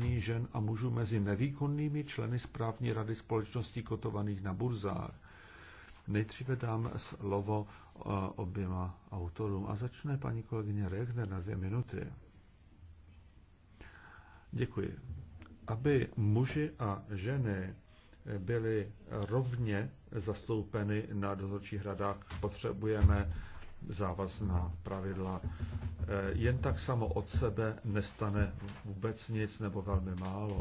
zastoupení žen a mužů mezi nevýkonnými členy správní rady společností kotovaných na burzách. Nejdříve dám slovo eh, oběma autorům a začne paní kolegyně Rechner na dvě minuty. Děkuji. Aby muži a ženy byly rovně zastoupeny na dozorčích radách, potřebujeme závazná pravidla. E, jen tak samo od sebe nestane vůbec nic nebo velmi málo.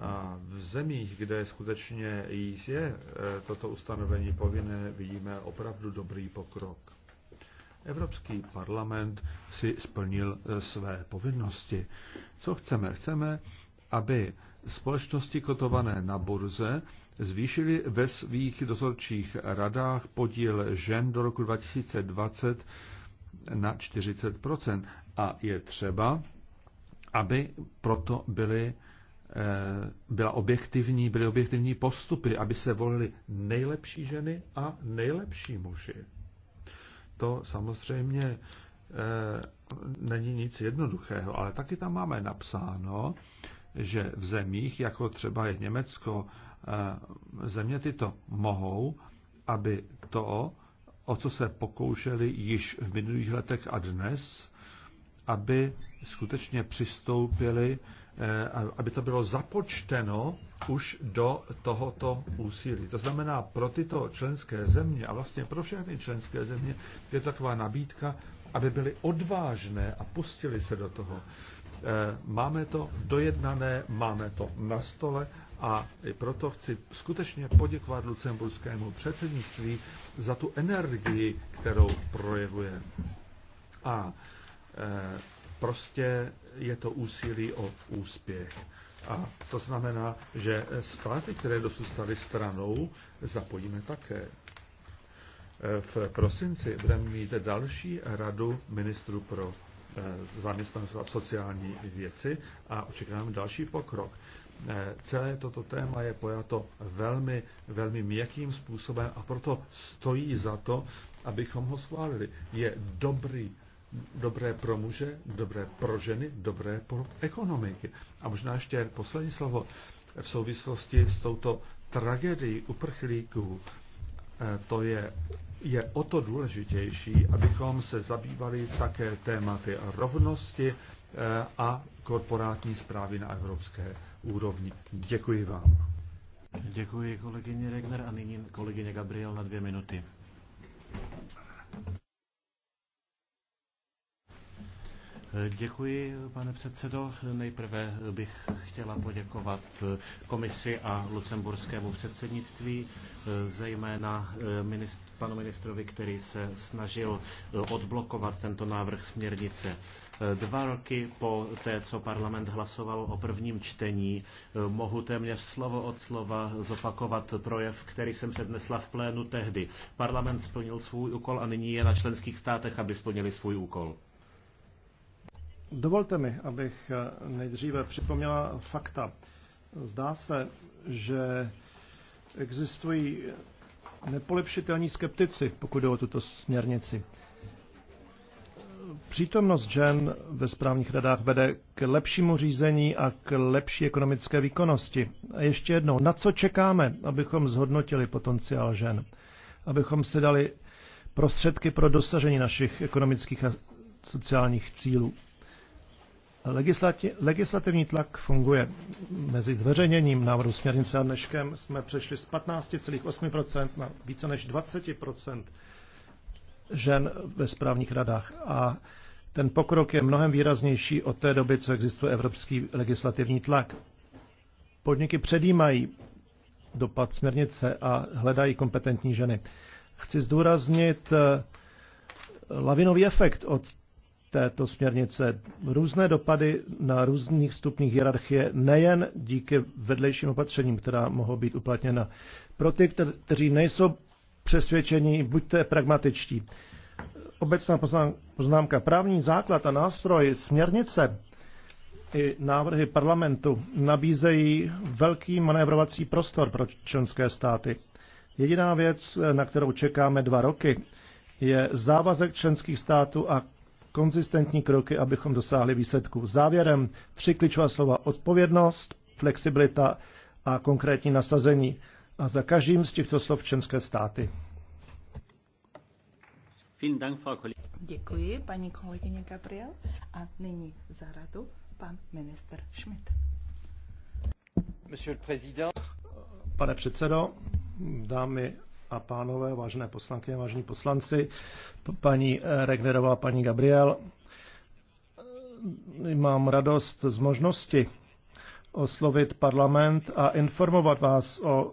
A v zemích, kde skutečně je e, toto ustanovení povinné, vidíme opravdu dobrý pokrok. Evropský parlament si splnil e, své povinnosti. Co chceme? Chceme, aby společnosti kotované na burze zvýšili ve svých dozorčích radách podíl žen do roku 2020 na 40 a je třeba, aby proto byly eh, byla objektivní, byly objektivní postupy, aby se volili nejlepší ženy a nejlepší muži. To samozřejmě eh, není nic jednoduchého, ale taky tam máme napsáno, že v zemích, jako třeba je Německo, eh, země tyto mohou, aby to, o co se pokoušeli již v minulých letech a dnes, aby skutečně přistoupili, eh, aby to bylo započteno už do tohoto úsilí. To znamená, pro tyto členské země a vlastně pro všechny členské země je taková nabídka, aby byly odvážné a pustili se do toho. Eh, máme to dojednané, máme to na stole a i proto chci skutečně poděkovat lucemburskému předsednictví za tu energii, kterou projevuje. A eh, prostě je to úsilí o úspěch. A to znamená, že státy, které dosud staly stranou, zapojíme také. Eh, v prosinci budeme mít další radu ministru pro Eh, zaměstnanost a sociální věci a očekáváme další pokrok. Eh, celé toto téma je pojato velmi, velmi měkkým způsobem a proto stojí za to, abychom ho schválili. Je dobrý dobré pro muže, dobré pro ženy, dobré pro ekonomiky. A možná ještě poslední slovo v souvislosti s touto tragédií uprchlíků Eh, to je, je o to důležitější, abychom se zabývali také tématy rovnosti eh, a korporátní zprávy na evropské úrovni. Děkuji vám. Děkuji kolegyně Regner a nyní kolegyně Gabriel na dvě minuty. Děkuji, pane předsedo. Nejprve bych chtěla poděkovat komisi a lucemburskému předsednictví, zejména ministr, panu ministrovi, který se snažil odblokovat tento návrh směrnice. Dva roky po té, co parlament hlasoval o prvním čtení, mohu téměř slovo od slova zopakovat projev, který jsem přednesla v plénu tehdy. Parlament splnil svůj úkol a nyní je na členských státech, aby splnili svůj úkol. Dovolte mi, abych eh, nejdříve připomněla fakta. Zdá se, že existují nepolepšitelní skeptici, pokud jde o tuto směrnici. Přítomnost žen ve správních radách vede k lepšímu řízení a k lepší ekonomické výkonnosti. A ještě jednou, na co čekáme, abychom zhodnotili potenciál žen? Abychom se dali prostředky pro dosažení našich ekonomických a sociálních cílů. Legislativní tlak funguje. Mezi zveřejněním návrhu směrnice a dneškem jsme přešli z 15,8% na více než 20% žen ve správních radách. A ten pokrok je mnohem výraznější od té doby, co existuje evropský legislativní tlak. Podniky předjímají dopad směrnice a hledají kompetentní ženy. Chci zdůraznit eh, lavinový efekt od této směrnice různé dopady na různých stupních hierarchie, nejen díky vedlejším opatřením, která mohou být uplatněna. Pro ty, kteří nejsou přesvědčení, buďte pragmatičtí. Obecná poznámka. Právní základ a nástroj směrnice i návrhy parlamentu nabízejí velký manévrovací prostor pro členské státy. Jediná věc, na kterou čekáme dva roky, je závazek členských států a konzistentní kroky, abychom dosáhli výsledku Závěrem tři klíčová slova odpovědnost, flexibilita a konkrétní nasazení. A za každým z těchto slov členské státy. Děkuji, paní kolegyně Gabriel. A nyní za radu pan minister Schmidt. Pane předsedo, dámy a pánové, vážné poslankyně, vážní poslanci, paní eh, Regnerová, paní Gabriel. Eh, mám radost z možnosti oslovit parlament a informovat vás o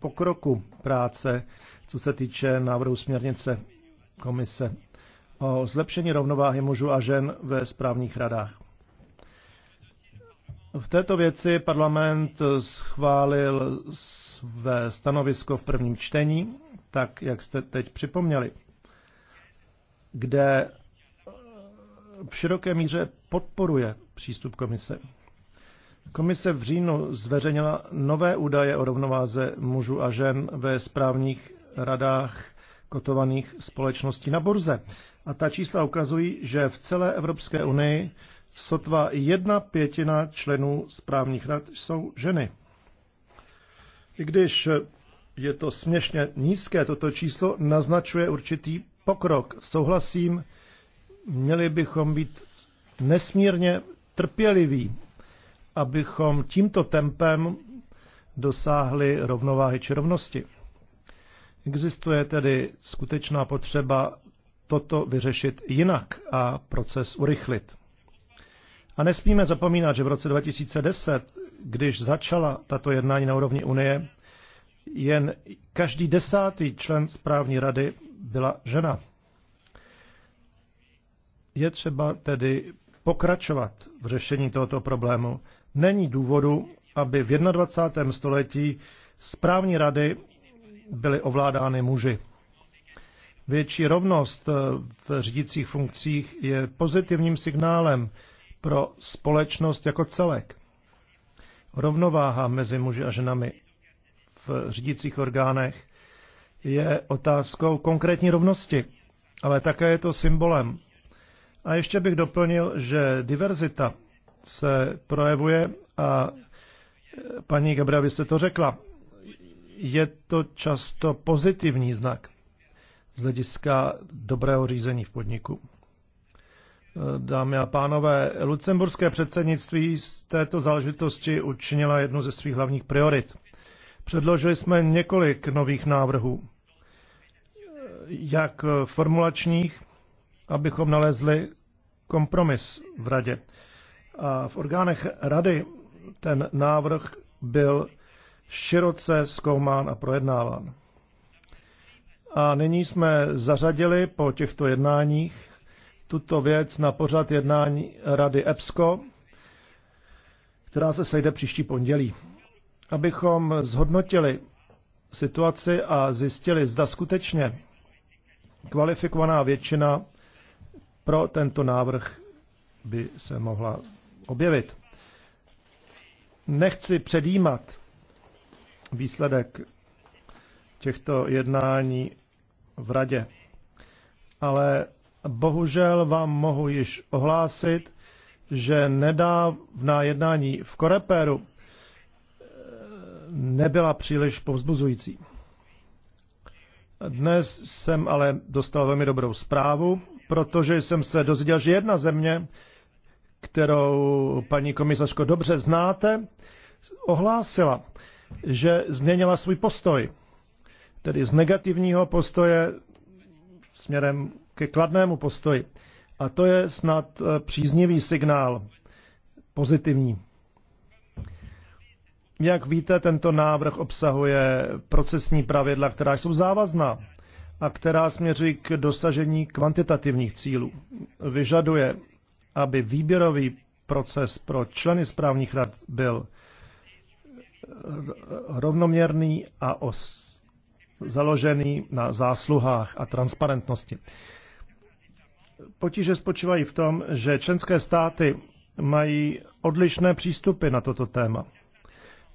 pokroku práce, co se týče návrhu směrnice komise o zlepšení rovnováhy mužů a žen ve správních radách. V této věci parlament schválil své stanovisko v prvním čtení, tak jak jste teď připomněli, kde v široké míře podporuje přístup komise. Komise v říjnu zveřejnila nové údaje o rovnováze mužů a žen ve správních radách kotovaných společností na burze. A ta čísla ukazují, že v celé Evropské unii sotva jedna pětina členů správních rad jsou ženy. I když je to směšně nízké, toto číslo naznačuje určitý pokrok. Souhlasím, měli bychom být nesmírně trpěliví, abychom tímto tempem dosáhli rovnováhy či rovnosti. Existuje tedy skutečná potřeba toto vyřešit jinak a proces urychlit. A nesmíme zapomínat, že v roce 2010, když začala tato jednání na úrovni Unie, jen každý desátý člen správní rady byla žena. Je třeba tedy pokračovat v řešení tohoto problému. Není důvodu, aby v 21. století správní rady byly ovládány muži. Větší rovnost v řídících funkcích je pozitivním signálem pro společnost jako celek. Rovnováha mezi muži a ženami v řídících orgánech je otázkou konkrétní rovnosti, ale také je to symbolem. A ještě bych doplnil, že diverzita se projevuje a paní Gabriela, byste to řekla, je to často pozitivní znak z hlediska dobrého řízení v podniku. Dámy a pánové, lucemburské předsednictví z této záležitosti učinila jednu ze svých hlavních priorit. Předložili jsme několik nových návrhů, jak formulačních, abychom nalezli kompromis v radě. A v orgánech rady ten návrh byl široce zkoumán a projednáván. A nyní jsme zařadili po těchto jednáních tuto věc na pořad jednání Rady EPSCO, která se sejde příští pondělí. Abychom zhodnotili situaci a zjistili, zda skutečně kvalifikovaná většina pro tento návrh by se mohla objevit. Nechci předjímat výsledek těchto jednání v radě, ale Bohužel vám mohu již ohlásit, že nedávná jednání v Koreperu eh, nebyla příliš povzbuzující. Dnes jsem ale dostal velmi dobrou zprávu, protože jsem se dozvěděl, že jedna země, kterou paní komisařko dobře znáte, ohlásila, že změnila svůj postoj. Tedy z negativního postoje směrem ke kladnému postoji. A to je snad eh, příznivý signál, pozitivní. Jak víte, tento návrh obsahuje procesní pravidla, která jsou závazná a která směřují k dosažení kvantitativních cílů. Vyžaduje, aby výběrový proces pro členy správních rad byl eh, rovnoměrný a os, založený na zásluhách a transparentnosti. Potíže spočívají v tom, že členské státy mají odlišné přístupy na toto téma.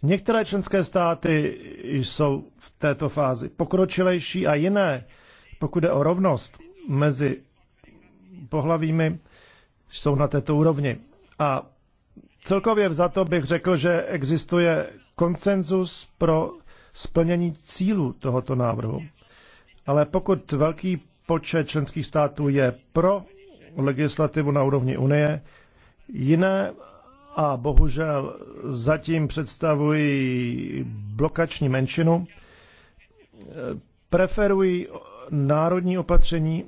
Některé členské státy jsou v této fázi pokročilejší a jiné, pokud jde o rovnost mezi pohlavími, jsou na této úrovni. A celkově za to bych řekl, že existuje konsenzus pro splnění cílů tohoto návrhu. Ale pokud velký počet členských států je pro legislativu na úrovni Unie, jiné a bohužel zatím představují blokační menšinu, preferují národní opatření,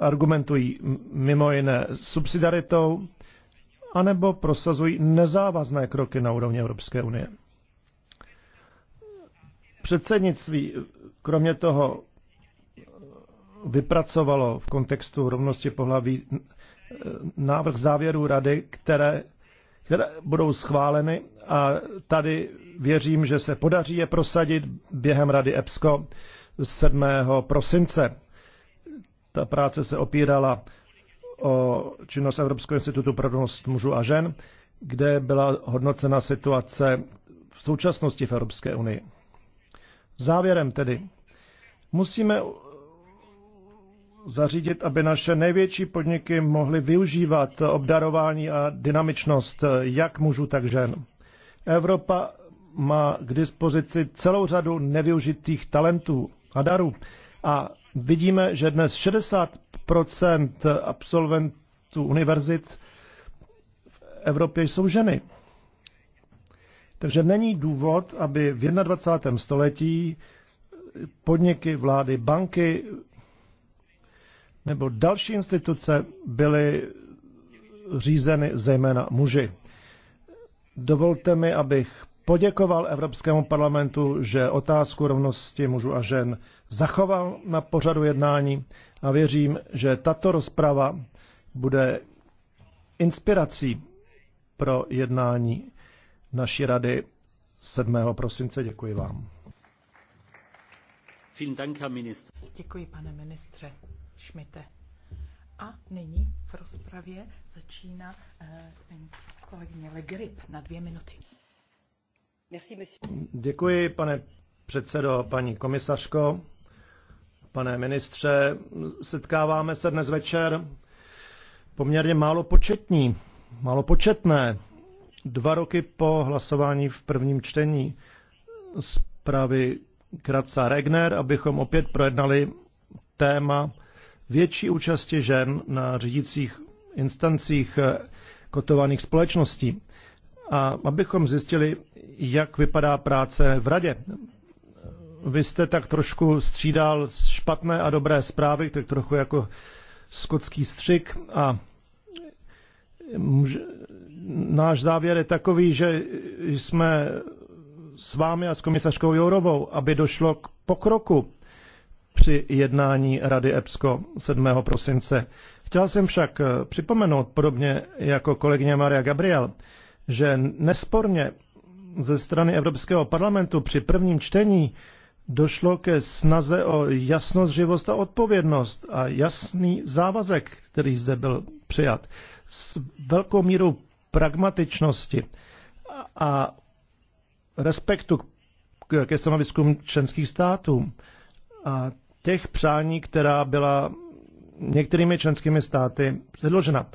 argumentují mimo jiné subsidiaritou, anebo prosazují nezávazné kroky na úrovni Evropské unie. Předsednictví kromě toho vypracovalo v kontextu rovnosti pohlaví eh, návrh závěrů rady, které, které budou schváleny a tady věřím, že se podaří je prosadit během rady EPSCO 7. prosince. Ta práce se opírala o činnost Evropského institutu pro rovnost mužů a žen, kde byla hodnocena situace v současnosti v Evropské unii. Závěrem tedy, musíme zařídit, aby naše největší podniky mohly využívat obdarování a dynamičnost jak mužů, tak žen. Evropa má k dispozici celou řadu nevyužitých talentů a darů. A vidíme, že dnes 60 absolventů univerzit v Evropě jsou ženy. Takže není důvod, aby v 21. století podniky, vlády, banky nebo další instituce byly řízeny zejména muži. Dovolte mi, abych poděkoval Evropskému parlamentu, že otázku rovnosti mužů a žen zachoval na pořadu jednání a věřím, že tato rozprava bude inspirací pro jednání naší rady 7. prosince. Děkuji vám. Děkuji, pane ministře Šmite. A nyní v rozpravě začíná uh, kolegyně Legrip na dvě minuty. Děkuji, pane předsedo, paní komisařko, pane ministře. Setkáváme se dnes večer poměrně málo početní, málo početné dva roky po hlasování v prvním čtení zprávy Kratza Regner, abychom opět projednali téma větší účasti žen na řídících instancích eh, kotovaných společností a abychom zjistili, jak vypadá práce v radě. Vy jste tak trošku střídal špatné a dobré zprávy, tak trochu jako skotský střik a může, náš závěr je takový, že jsme s vámi a s komisařkou Jourovou, aby došlo k pokroku při jednání Rady EPSCO 7. prosince. Chtěl jsem však eh, připomenout, podobně jako kolegyně Maria Gabriel, že nesporně ze strany Evropského parlamentu při prvním čtení došlo ke snaze o jasnost, živost a odpovědnost a jasný závazek, který zde byl přijat. S velkou mírou pragmatičnosti a respektu ke stanoviskům členských států a těch přání, která byla některými členskými státy předložena.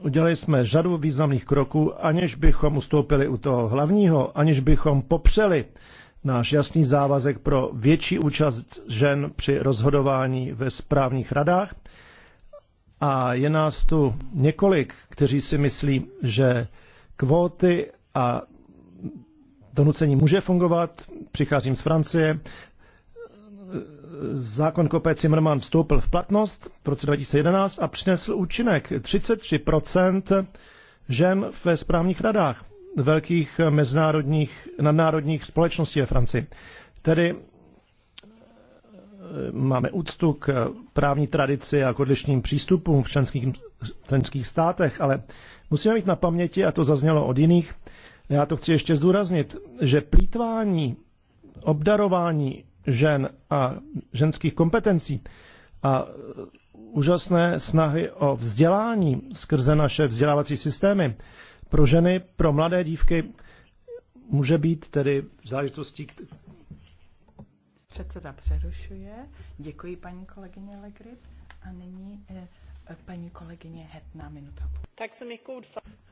Udělali jsme řadu významných kroků, aniž bychom ustoupili u toho hlavního, aniž bychom popřeli náš jasný závazek pro větší účast žen při rozhodování ve správních radách a je nás tu několik, kteří si myslí, že kvóty a donucení může fungovat. Přicházím z Francie. Zákon Kopé Zimmermann vstoupil v platnost v roce 2011 a přinesl účinek 33% žen ve správních radách velkých mezinárodních, nadnárodních společností ve Francii. Tedy máme úctu k právní tradici a k odlišným přístupům v členských, členských státech, ale musíme mít na paměti, a to zaznělo od jiných, já to chci ještě zdůraznit, že plítvání, obdarování žen a ženských kompetencí a úžasné snahy o vzdělání skrze naše vzdělávací systémy pro ženy, pro mladé dívky, může být tedy záležitostí, Předseda přerušuje. Děkuji paní kolegyně Legrit. A nyní eh, Paní kolegyně Hetná, minuta. Jako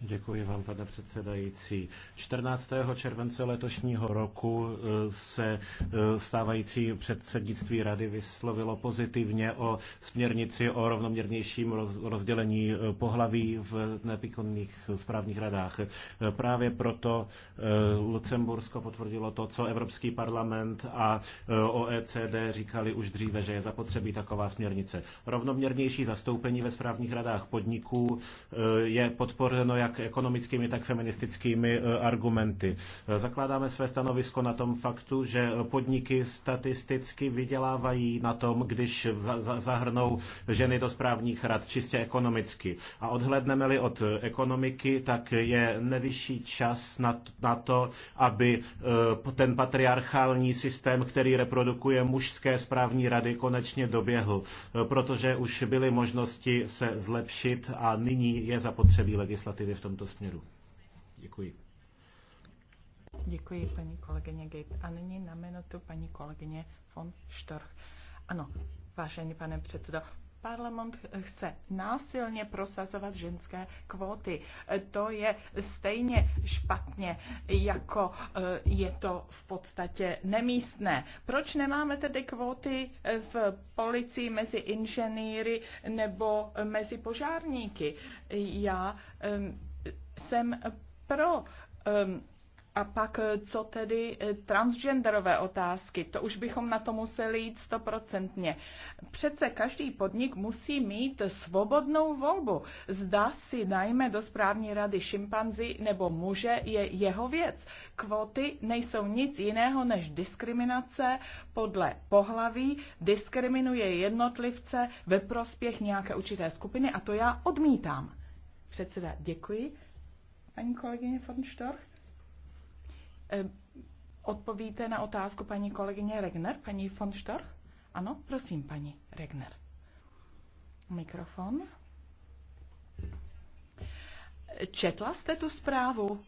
Děkuji vám, pane předsedající. 14. července letošního roku eh, se eh, stávající předsednictví rady vyslovilo pozitivně o směrnici o rovnoměrnějším rozdělení eh, pohlaví v nepíkonných správních radách. Právě proto Lucembursko potvrdilo to, co Evropský parlament a OECD říkali už dříve, že je zapotřebí taková směrnice. Rovnoměrnější zastoupení ve správních radách podniků eh, je podpořeno jak ekonomickými, tak feministickými eh, argumenty. Eh, zakládáme své stanovisko na tom faktu, že podniky statisticky vydělávají na tom, když zahrnou ženy do správních rad čistě ekonomicky. A odhledneme-li od ekonomiky, tak je nevyšší čas na to, aby ten patriarchální systém, který reprodukuje mužské správní rady, konečně doběhl, protože už byly možnosti možnosti se zlepšit a nyní je zapotřebí legislativy v tomto směru. Děkuji. Děkuji paní kolegyně Gate. A nyní na minutu paní kolegyně von Storch. Ano, vážený pane předsedo, Parlament chce násilně prosazovat ženské kvóty. To je stejně špatně, jako eh, je to v podstatě nemístné. Proč nemáme tedy kvóty eh, v policii mezi inženýry nebo mezi požárníky? Já ehm, jsem pro ehm, a pak eh, co tedy eh, transgenderové otázky, to už bychom na to museli jít stoprocentně. Přece každý podnik musí mít svobodnou volbu. Zda si najme do správní rady šimpanzi nebo muže je jeho věc. Kvóty nejsou nic jiného než diskriminace podle pohlaví, diskriminuje jednotlivce ve prospěch nějaké určité skupiny a to já odmítám. Předseda, děkuji. Paní kolegyně von Storch? Odpovíte na otázku paní kolegyně Regner, paní von Storch? Ano, prosím, paní Regner. Mikrofon. Četla jste tu zprávu?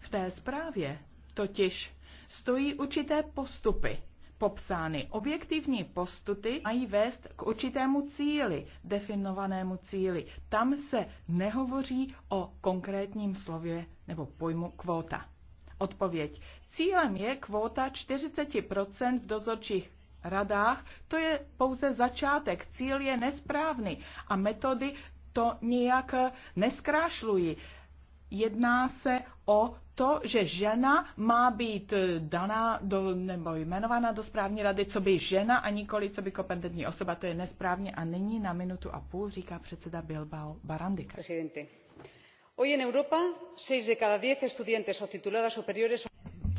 V té zprávě totiž stojí určité postupy, popsány. Objektivní postupy mají vést k určitému cíli, definovanému cíli. Tam se nehovoří o konkrétním slově nebo pojmu kvóta odpověď. Cílem je kvóta 40% v dozorčích radách. To je pouze začátek. Cíl je nesprávný a metody to nijak eh, neskrášlují. Jedná se o to, že žena má být eh, daná do, nebo jmenována do správní rady, co by žena a nikoli, co by kompetentní osoba, to je nesprávně a není na minutu a půl, říká předseda Bilbao Barandika. Presidente hoy en europa seis de cada diez estudiantes o tituladas superiores son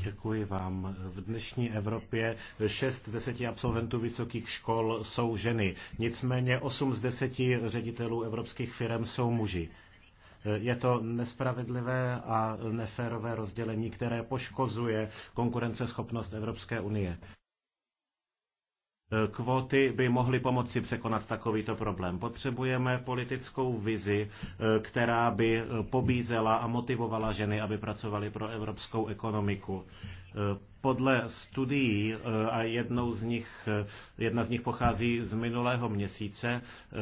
Děkuji vám. V dnešní Evropě 6 z 10 absolventů vysokých škol jsou ženy. Nicméně 8 z 10 ředitelů evropských firm jsou muži. Je to nespravedlivé a neférové rozdělení, které poškozuje konkurenceschopnost Evropské unie. Eh, kvóty by mohly pomoci překonat takovýto problém. Potřebujeme politickou vizi, eh, která by eh, pobízela a motivovala ženy, aby pracovaly pro evropskou ekonomiku. Podle studií, eh, a jednou z nich, eh, jedna z nich pochází z minulého měsíce, eh,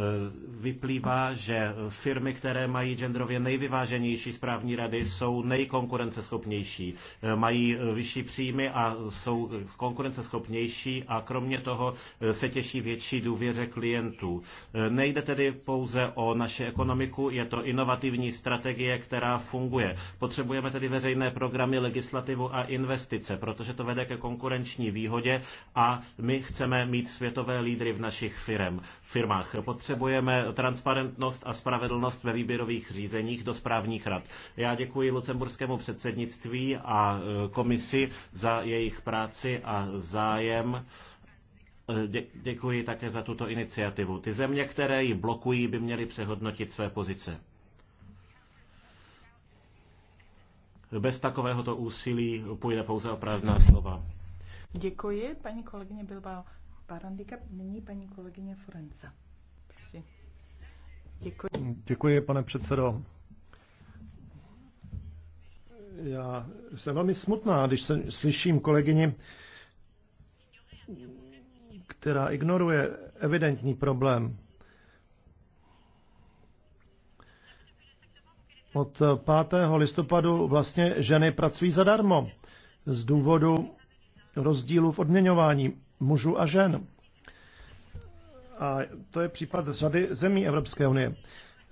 vyplývá, že firmy, které mají genderově nejvyváženější správní rady, jsou nejkonkurenceschopnější. Mají vyšší příjmy a jsou konkurenceschopnější a kromě toho se těší větší důvěře klientů. Nejde tedy pouze o naši ekonomiku, je to inovativní strategie, která funguje. Potřebujeme tedy veřejné programy, legislativu a investice, protože že to vede ke konkurenční výhodě a my chceme mít světové lídry v našich firm, firmách. Potřebujeme transparentnost a spravedlnost ve výběrových řízeních do správních rad. Já děkuji lucemburskému předsednictví a e, komisi za jejich práci a zájem. E, děkuji také za tuto iniciativu. Ty země, které ji blokují, by měly přehodnotit své pozice. Bez takovéhoto úsilí půjde pouze o prázdná slova. Děkuji, paní kolegyně Bilbao Barandika. Nyní paní kolegyně Forenza. Děkuji. Děkuji, pane předsedo. Já jsem velmi smutná, když se, slyším kolegyni, která ignoruje evidentní problém Od 5. Eh, listopadu vlastně ženy pracují zadarmo z důvodu rozdílu v odměňování mužů a žen. A to je případ řady zemí Evropské unie.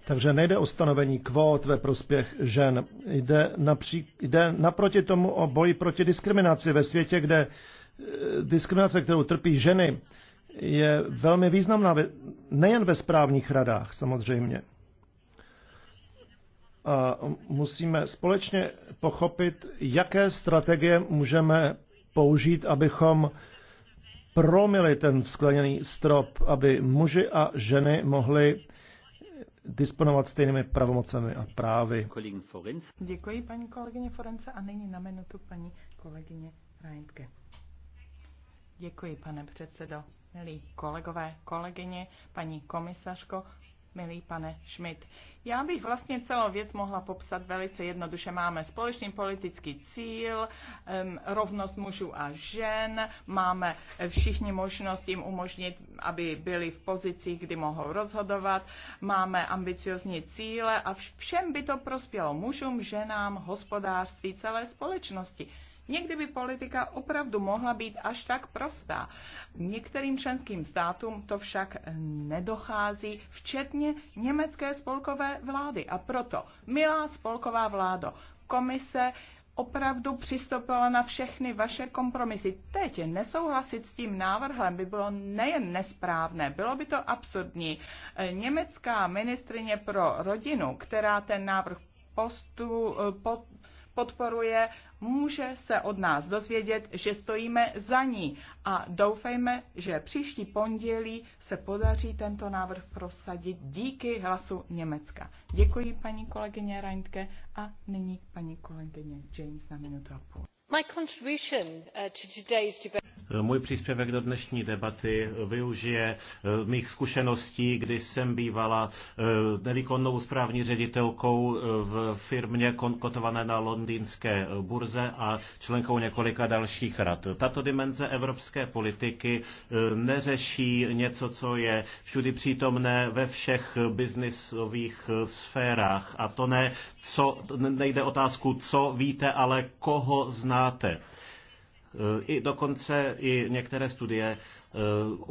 Takže nejde o stanovení kvót ve prospěch žen. Jde, napří, jde naproti tomu o boji proti diskriminaci ve světě, kde eh, diskriminace, kterou trpí ženy, je velmi významná nejen ve správních radách samozřejmě a musíme společně pochopit, jaké strategie můžeme použít, abychom promili ten skleněný strop, aby muži a ženy mohli disponovat stejnými pravomocemi a právy. Děkuji paní kolegyně Forence a nyní na minutu paní kolegyně Reintke. Děkuji, pane předsedo. Milí kolegové, kolegyně, paní komisařko, milý pane Schmidt. Já bych vlastně celou věc mohla popsat velice jednoduše. Máme společný politický cíl, rovnost mužů a žen, máme všichni možnost jim umožnit, aby byli v pozicích, kdy mohou rozhodovat, máme ambiciozní cíle a všem by to prospělo mužům, ženám, hospodářství, celé společnosti. Někdy by politika opravdu mohla být až tak prostá. Některým členským státům to však nedochází, včetně německé spolkové vlády. A proto, milá spolková vládo, komise opravdu přistoupila na všechny vaše kompromisy. Teď nesouhlasit s tím návrhem by bylo nejen nesprávné, bylo by to absurdní. Německá ministrině pro rodinu, která ten návrh postu, pod, podporuje, může se od nás dozvědět, že stojíme za ní a doufejme, že příští pondělí se podaří tento návrh prosadit díky hlasu Německa. Děkuji paní kolegyně Reintke a nyní paní kolegyně James na minutu a půl. My contribution uh, to today's debate můj příspěvek do dnešní debaty využije eh, mých zkušeností, kdy jsem bývala eh, nevýkonnou správní ředitelkou eh, v firmě kotované na londýnské burze a členkou několika dalších rad. Tato dimenze evropské politiky neřeší něco, co je všudy přítomné ve všech biznisových sférách. A to ne, co, nejde otázku, co víte, ale koho znáte. Eh, I dokonce i některé studie eh,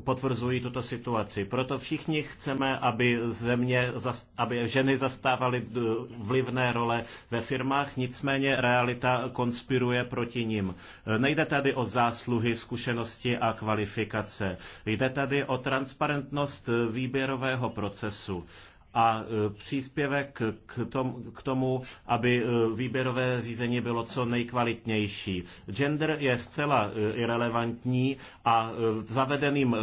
potvrzují tuto situaci. Proto všichni chceme, aby, země, aby ženy zastávaly eh, vlivné role ve firmách, nicméně realita konspiruje proti nim. Nejde tady o zásluhy, zkušenosti a kvalifikace. Jde tady o transparentnost výběrového procesu a e, příspěvek k tomu, k tomu, aby e, výběrové řízení bylo co nejkvalitnější. Gender je zcela e, irrelevantní a zavedeným,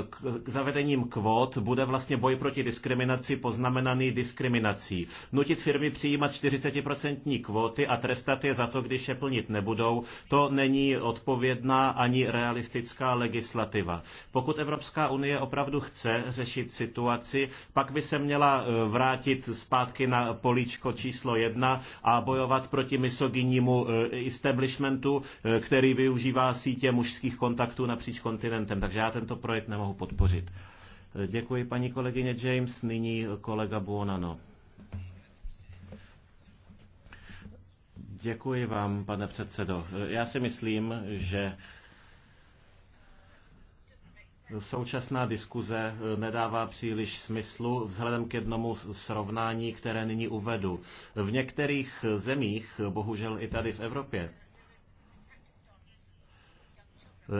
zavedením kvót bude vlastně boj proti diskriminaci poznamenaný diskriminací. Nutit firmy přijímat 40% kvóty a trestat je za to, když je plnit nebudou, to není odpovědná ani realistická legislativa. Pokud Evropská unie opravdu chce řešit situaci, pak by se měla v vrátit zpátky na políčko číslo jedna a bojovat proti misogynímu e, establishmentu, e, který využívá sítě mužských kontaktů napříč kontinentem. Takže já tento projekt nemohu podpořit. E, děkuji paní kolegyně James, nyní kolega Buonano. Děkuji vám, pane předsedo. Já si myslím, že Současná diskuze eh, nedává příliš smyslu vzhledem k jednomu srovnání, které nyní uvedu. V některých zemích, bohužel i tady v Evropě,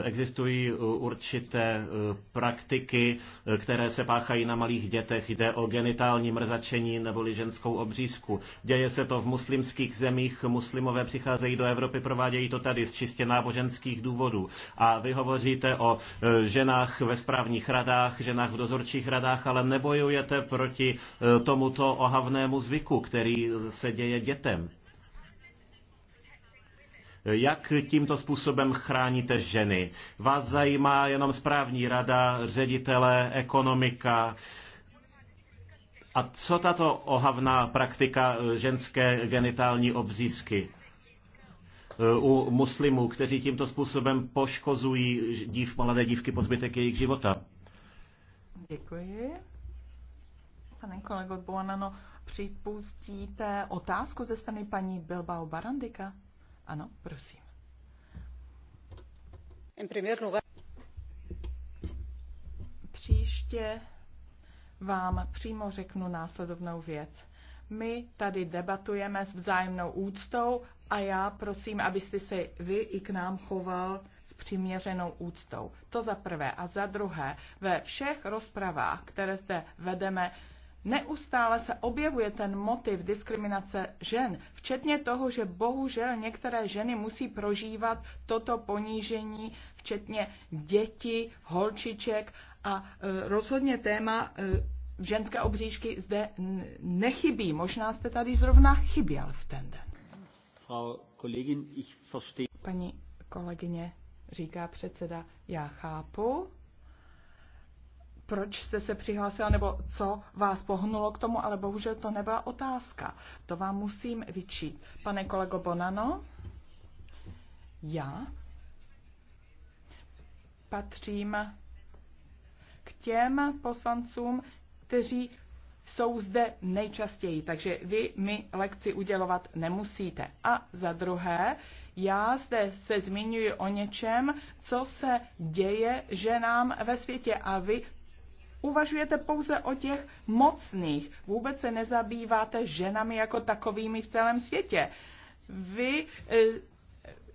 Existují eh, určité eh, praktiky, eh, které se páchají na malých dětech. Jde o genitální mrzačení neboli ženskou obřízku. Děje se to v muslimských zemích. Muslimové přicházejí do Evropy, provádějí to tady z čistě náboženských důvodů. A vy hovoříte o ženách ve správních radách, ženách v dozorčích radách, ale nebojujete proti tomuto ohavnému zvyku, který se děje dětem. Jak tímto způsobem chráníte ženy? Vás zajímá jenom správní rada, ředitele, ekonomika. A co tato ohavná praktika eh, ženské genitální obřízky? Eh, u muslimů, kteří tímto způsobem poškozují dív, mladé dívky po zbytek jejich života. Děkuji. Pane kolego Buonano, připustíte otázku ze strany paní Bilbao Barandika? Ano, prosím. Příště vám přímo řeknu následovnou věc. My tady debatujeme s vzájemnou úctou a já prosím, abyste se vy i k nám choval s přiměřenou úctou. To za prvé. A za druhé, ve všech rozpravách, které zde vedeme, Neustále se objevuje ten motiv diskriminace žen, včetně toho, že bohužel některé ženy musí prožívat toto ponížení, včetně děti, holčiček a e, rozhodně téma e, ženské obřížky zde nechybí. Možná jste tady zrovna chyběl v ten den. Paní kolegyně, říká předseda, já chápu, proč jste se přihlásila, nebo co vás pohnulo k tomu, ale bohužel to nebyla otázka. To vám musím vyčít. Pane kolego Bonano, já patřím k těm poslancům, kteří jsou zde nejčastěji, takže vy mi lekci udělovat nemusíte. A za druhé, já zde se zmiňuji o něčem, co se děje ženám ve světě a vy uvažujete pouze o těch mocných. Vůbec se nezabýváte ženami jako takovými v celém světě. Vy eh,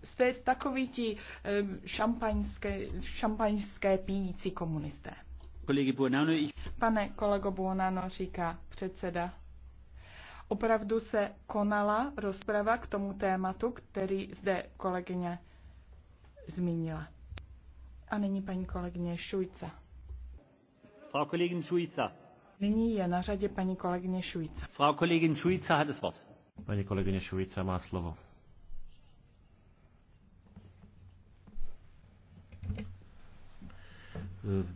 jste takový ti eh, šampaňské, šampaňské pijící komunisté. Pane kolego Buonano, říká předseda. Opravdu se konala rozprava k tomu tématu, který zde kolegyně zmínila. A nyní paní kolegyně Šujca. Frau Kollegin Schuica. Nyní je na řadě paní kolegyně Schuica. Frau Kollegin Schuica hat das Wort. Paní kolegyně Schuica má slovo.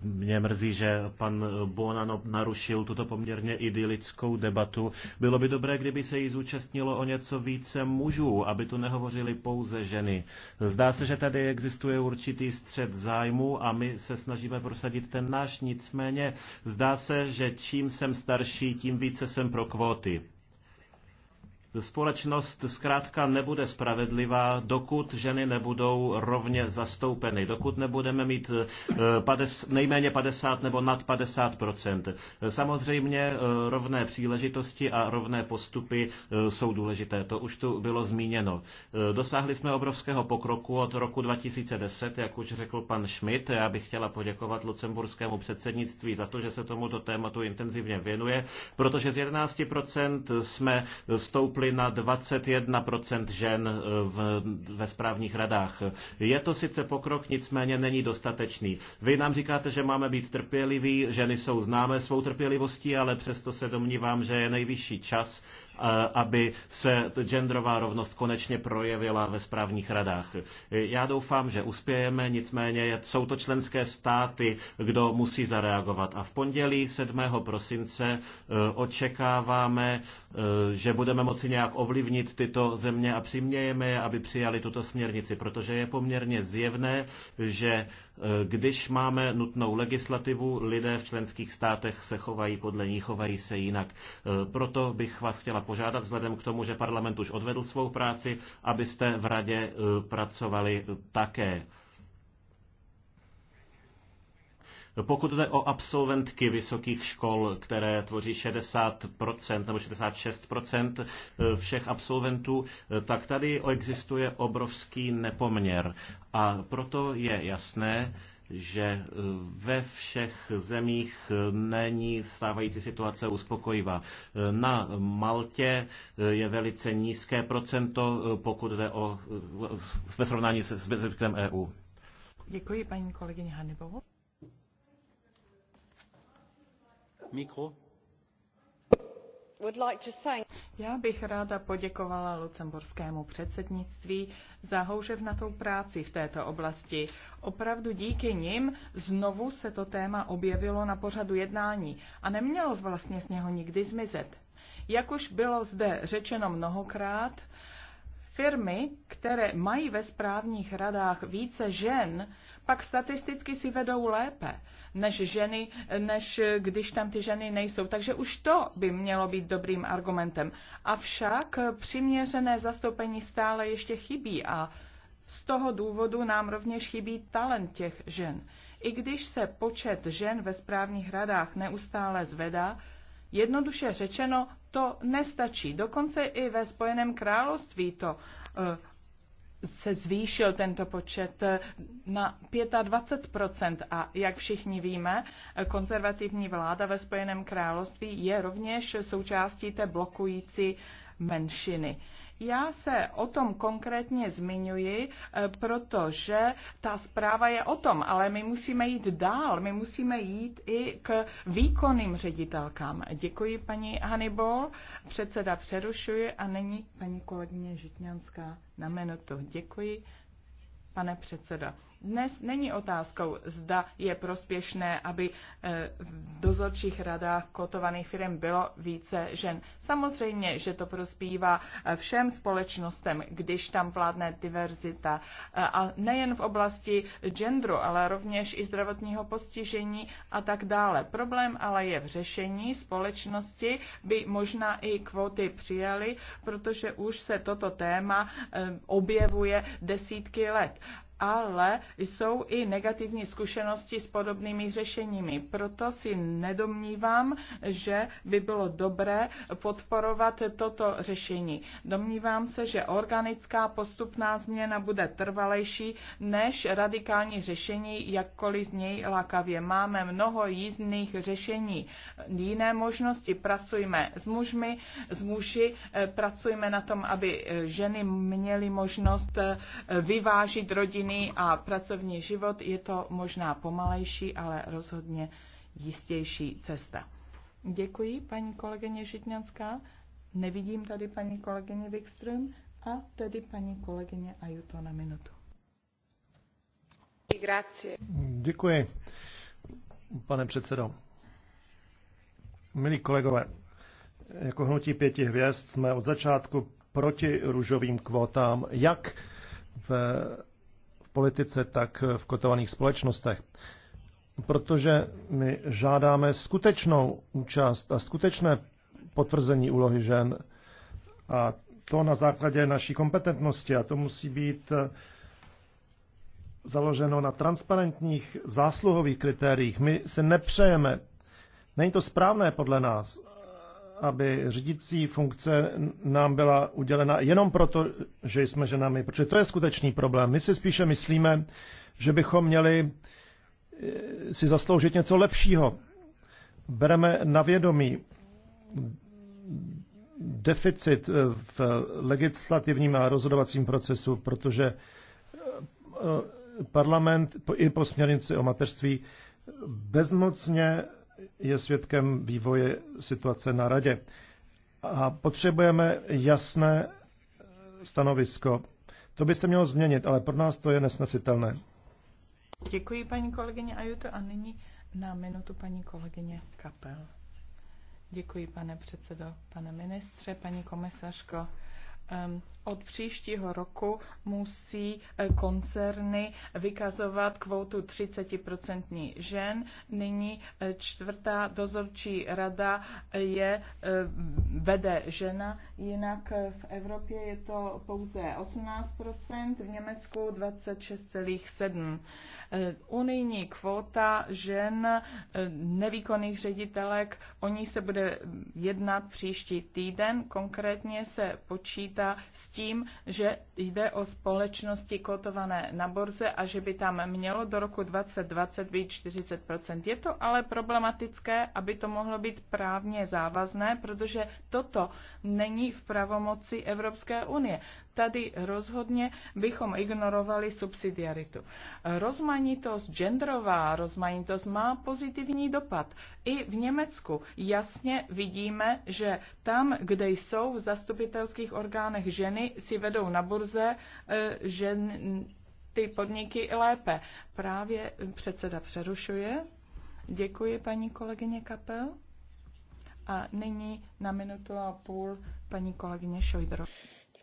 Mě mrzí, že pan Bonano narušil tuto poměrně idylickou debatu. Bylo by dobré, kdyby se jí zúčastnilo o něco více mužů, aby tu nehovořili pouze ženy. Zdá se, že tady existuje určitý střed zájmu a my se snažíme prosadit ten náš. Nicméně zdá se, že čím jsem starší, tím více jsem pro kvóty. Společnost zkrátka nebude spravedlivá, dokud ženy nebudou rovně zastoupeny, dokud nebudeme mít eh, nejméně 50 nebo nad 50 Samozřejmě eh, rovné příležitosti a rovné postupy eh, jsou důležité, to už tu bylo zmíněno. Dosáhli jsme obrovského pokroku od roku 2010, jak už řekl pan Schmidt. Já bych chtěla poděkovat lucemburskému předsednictví za to, že se tomuto tématu intenzivně věnuje, protože z 11 jsme stoupli klesly na 21% žen eh, v, ve správních radách. Je to sice pokrok, nicméně není dostatečný. Vy nám říkáte, že máme být trpěliví, ženy jsou známé svou trpělivostí, ale přesto se domnívám, že je nejvyšší čas, aby se genderová rovnost konečně projevila ve správních radách. Já doufám, že uspějeme, nicméně jsou to členské státy, kdo musí zareagovat. A v pondělí 7. prosince e, očekáváme, e, že budeme moci nějak ovlivnit tyto země a přimějeme je, aby přijali tuto směrnici, protože je poměrně zjevné, že Eh, když máme nutnou legislativu, lidé v členských státech se chovají podle ní, chovají se jinak. Eh, proto bych vás chtěla požádat, vzhledem k tomu, že parlament už odvedl svou práci, abyste v radě eh, pracovali také. Pokud jde o absolventky vysokých škol, které tvoří 60% nebo 66% všech absolventů, tak tady existuje obrovský nepoměr. A proto je jasné, že ve všech zemích není stávající situace uspokojivá. Na Maltě je velice nízké procento, pokud jde o ve srovnání se zbytkem EU. Děkuji paní kolegyně Hanibovou. Já bych ráda poděkovala lucemburskému předsednictví za houževnatou práci v této oblasti. Opravdu díky nim znovu se to téma objevilo na pořadu jednání a nemělo vlastně z něho nikdy zmizet. Jak už bylo zde řečeno mnohokrát, firmy, které mají ve správních radách více žen, pak statisticky si vedou lépe než ženy, než když tam ty ženy nejsou. Takže už to by mělo být dobrým argumentem. Avšak přiměřené zastoupení stále ještě chybí a z toho důvodu nám rovněž chybí talent těch žen. I když se počet žen ve správních radách neustále zvedá, jednoduše řečeno to nestačí. Dokonce i ve Spojeném království to eh, se zvýšil tento počet na 25 a jak všichni víme, konzervativní vláda ve Spojeném království je rovněž součástí té blokující menšiny. Já se o tom konkrétně zmiňuji, eh, protože ta zpráva je o tom, ale my musíme jít dál, my musíme jít i k výkonným ředitelkám. Děkuji paní Hannibal, předseda přerušuje a není paní kolegyně Žitňanská na minutu. Děkuji, pane předseda. Dnes není otázkou, zda je prospěšné, aby eh, v dozorčích radách kotovaných firm bylo více žen. Samozřejmě, že to prospívá eh, všem společnostem, když tam vládne diverzita. Eh, a nejen v oblasti genderu, ale rovněž i zdravotního postižení a tak dále. Problém ale je v řešení. Společnosti by možná i kvóty přijali, protože už se toto téma objevuje desítky let ale jsou i negativní zkušenosti s podobnými řešeními. Proto si nedomnívám, že by bylo dobré podporovat toto řešení. Domnívám se, že organická postupná změna bude trvalejší než radikální řešení, jakkoliv z něj lákavě. Máme mnoho jízdných řešení. Jiné možnosti pracujme s mužmi, s muži, eh, pracujme na tom, aby eh, ženy měly možnost eh, vyvážit rodinu rodiny a pracovní život je to možná pomalejší, ale rozhodně jistější cesta. Děkuji, paní kolegyně Žitňanská. Nevidím tady paní kolegyně Wikström a tedy paní kolegyně Ajuto na minutu. Děkuji, pane předsedo. Milí kolegové, jako hnutí pěti hvězd jsme od začátku proti růžovým kvotám, jak v politice, tak v kotovaných společnostech. Protože my žádáme skutečnou účast a skutečné potvrzení úlohy žen a to na základě naší kompetentnosti a to musí být eh, založeno na transparentních zásluhových kritériích. My se nepřejeme, není to správné podle nás, aby řídící funkce nám byla udělena jenom proto, že jsme ženami, protože to je skutečný problém. My si spíše myslíme, že bychom měli eh, si zasloužit něco lepšího. Bereme na vědomí deficit eh, v legislativním a rozhodovacím procesu, protože eh, parlament i po směrnici o mateřství bezmocně je svědkem vývoje situace na radě. A potřebujeme jasné stanovisko. To by se mělo změnit, ale pro nás to je nesnesitelné. Děkuji paní kolegyně Ajuto a nyní na minutu paní kolegyně Kapel. Děkuji, pane předsedo, pane ministře, paní komisařko. Od příštího roku musí e, koncerny vykazovat kvotu 30% žen. Nyní e, čtvrtá dozorčí rada e, je vede žena, jinak v Evropě je to pouze 18%, v Německu 26,7%. Unijní kvota žen nevýkonných ředitelek, o ní se bude jednat příští týden, konkrétně se počítá počítá s tím, že jde o společnosti kotované na borze a že by tam mělo do roku 2020 být 40 Je to ale problematické, aby to mohlo být právně závazné, protože toto není v pravomoci Evropské unie tady rozhodně bychom ignorovali subsidiaritu. Rozmanitost genderová, rozmanitost má pozitivní dopad. I v Německu jasně vidíme, že tam, kde jsou v zastupitelských orgánech ženy, si vedou na burze e, žen, ty podniky lépe. Právě předseda přerušuje. Děkuji, paní kolegyně Kapel. A nyní na minutu a půl paní kolegyně Šojdro.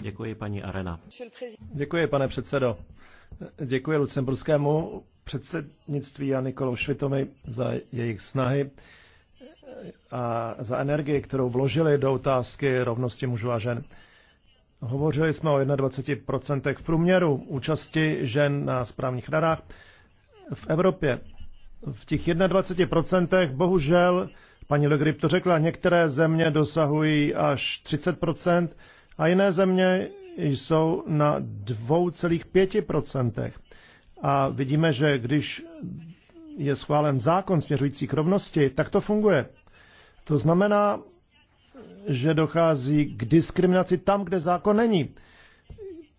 Děkuji, paní Arena. Děkuji, pane předsedo. Děkuji lucemburskému předsednictví a Nikolou Švitovi za jejich snahy a za energii, kterou vložili do otázky rovnosti mužů a žen. Hovořili jsme o 21% v průměru účasti žen na správních radách v Evropě. V těch 21% bohužel, paní Legrip to řekla, některé země dosahují až 30%, a jiné země jsou na 2,5%. A vidíme, že když je schválen zákon směřující k rovnosti, tak to funguje. To znamená, že dochází k diskriminaci tam, kde zákon není.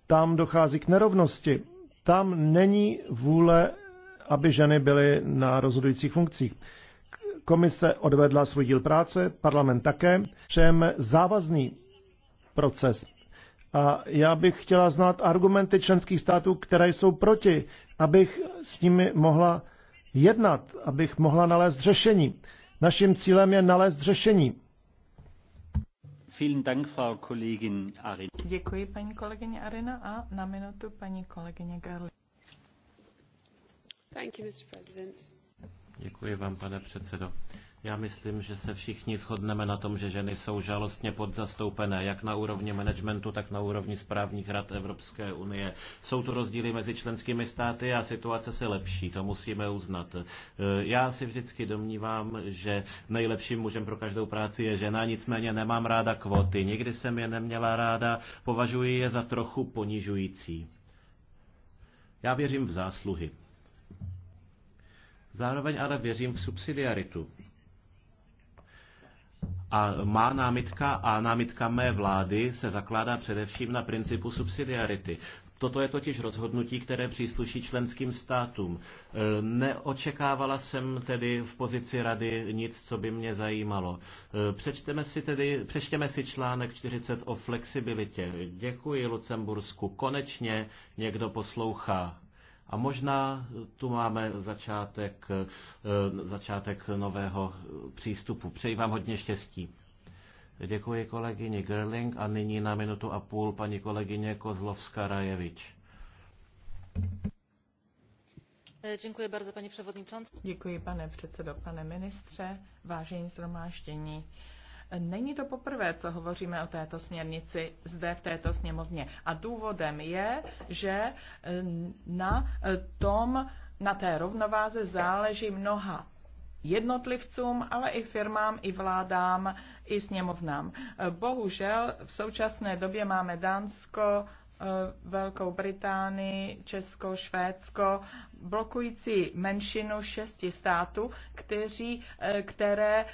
Tam dochází k nerovnosti. Tam není vůle, aby ženy byly na rozhodujících funkcích. Komise odvedla svůj díl práce, parlament také. Přejeme závazný proces. A já bych chtěla znát argumenty členských států, které jsou proti, abych s nimi mohla jednat, abych mohla nalézt řešení. Naším cílem je nalézt řešení. Děkuji paní kolegyně Arena a na minutu paní kolegyně Garli. Děkuji vám, pane předsedo. Já myslím, že se všichni shodneme na tom, že ženy jsou žalostně podzastoupené, jak na úrovni managementu, tak na úrovni správních rad Evropské unie. Jsou tu rozdíly mezi členskými státy a situace se lepší, to musíme uznat. E, já si vždycky domnívám, že nejlepším mužem pro každou práci je žena, nicméně nemám ráda kvóty. Nikdy jsem je neměla ráda, považuji je za trochu ponižující. Já věřím v zásluhy. Zároveň ale věřím v subsidiaritu. A má námitka a námitka mé vlády se zakládá především na principu subsidiarity. Toto je totiž rozhodnutí, které přísluší členským státům. E, neočekávala jsem tedy v pozici rady nic, co by mě zajímalo. E, přečteme si tedy, přečteme si článek 40 o flexibilitě. Děkuji Lucembursku. Konečně někdo poslouchá. A možná tu máme začátek, eh, začátek nového přístupu. Přeji vám hodně štěstí. Děkuji kolegyni Gerling a nyní na minutu a půl paní kolegyně Kozlovská Rajevič. Eh, děkuji bardzo, paní předsedající. Děkuji, pane předsedo, pane ministře, vážení zhromáždění. Není to poprvé, co hovoříme o této směrnici zde v této sněmovně. A důvodem je, že eh, na eh, tom, na té rovnováze záleží mnoha jednotlivcům, ale i firmám, i vládám, i sněmovnám. Eh, bohužel v současné době máme Dánsko, Velkou Británii, Česko, Švédsko, blokující menšinu šesti států, kteří, které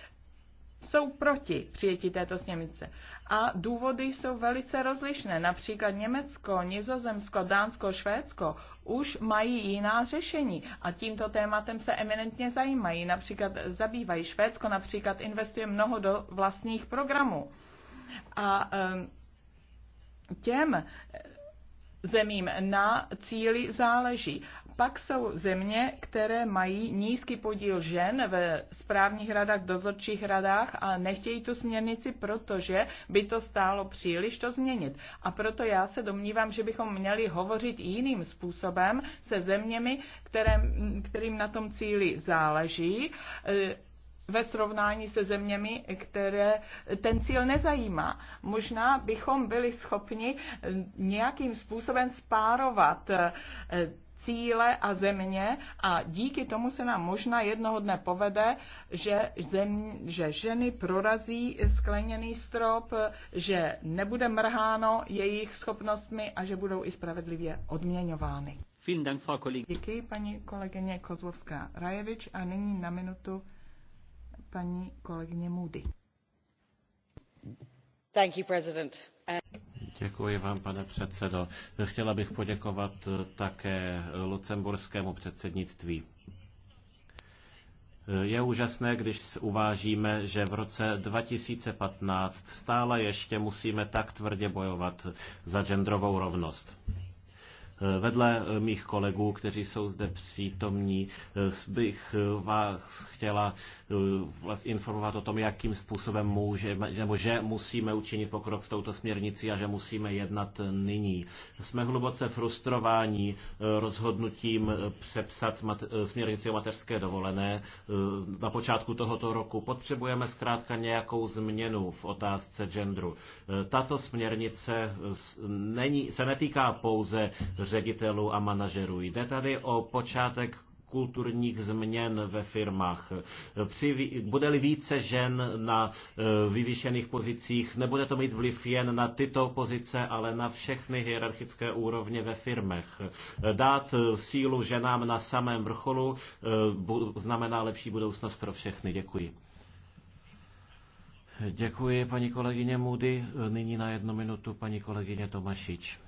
jsou proti přijetí této směrnice. A důvody jsou velice rozlišné. Například Německo, Nizozemsko, Dánsko, Švédsko už mají jiná řešení a tímto tématem se eminentně zajímají. Například zabývají Švédsko, například investuje mnoho do vlastních programů. A těm eh, zemím na cíli záleží. Pak jsou země, které mají nízký podíl žen ve správních radách, dozorčích radách a nechtějí tu směrnici, protože by to stálo příliš to změnit. A proto já se domnívám, že bychom měli hovořit jiným způsobem se zeměmi, které, kterým na tom cíli záleží eh, ve srovnání se zeměmi, které ten cíl nezajímá. Možná bychom byli schopni eh, nějakým způsobem spárovat eh, cíle a země a díky tomu se nám možná jednoho dne povede, že, zem, že ženy prorazí skleněný strop, že nebude mrháno jejich schopnostmi a že budou i spravedlivě odměňovány. Děkuji paní kolegyně Kozlovská Rajevič a nyní na minutu paní kolegyně Moody. Thank you, President. Děkuji vám, pane předsedo. Chtěla bych poděkovat eh, také lucemburskému předsednictví. Eh, je úžasné, když uvážíme, že v roce 2015 stále ještě musíme tak tvrdě bojovat za genderovou rovnost. Vedle mých kolegů, kteří jsou zde přítomní, bych vás chtěla eh, vás informovat o tom, jakým způsobem můžeme, nebo že musíme učinit pokrok s touto směrnicí a že musíme jednat nyní. Jsme hluboce frustrováni eh, rozhodnutím přepsat eh, směrnici o mateřské dovolené na počátku tohoto roku. Potřebujeme zkrátka nějakou změnu v otázce genderu. Tato směrnice není, se netýká pouze ředitelů a manažerů. Jde tady o počátek kulturních změn ve firmách. Při, bude-li více žen na eh, vyvýšených pozicích, nebude to mít vliv jen na tyto pozice, ale na všechny hierarchické úrovně ve firmech. Dát eh, sílu ženám na samém vrcholu eh, znamená lepší budoucnost pro všechny. Děkuji. Děkuji, paní kolegyně Můdy. Nyní na jednu minutu paní kolegyně Tomašič.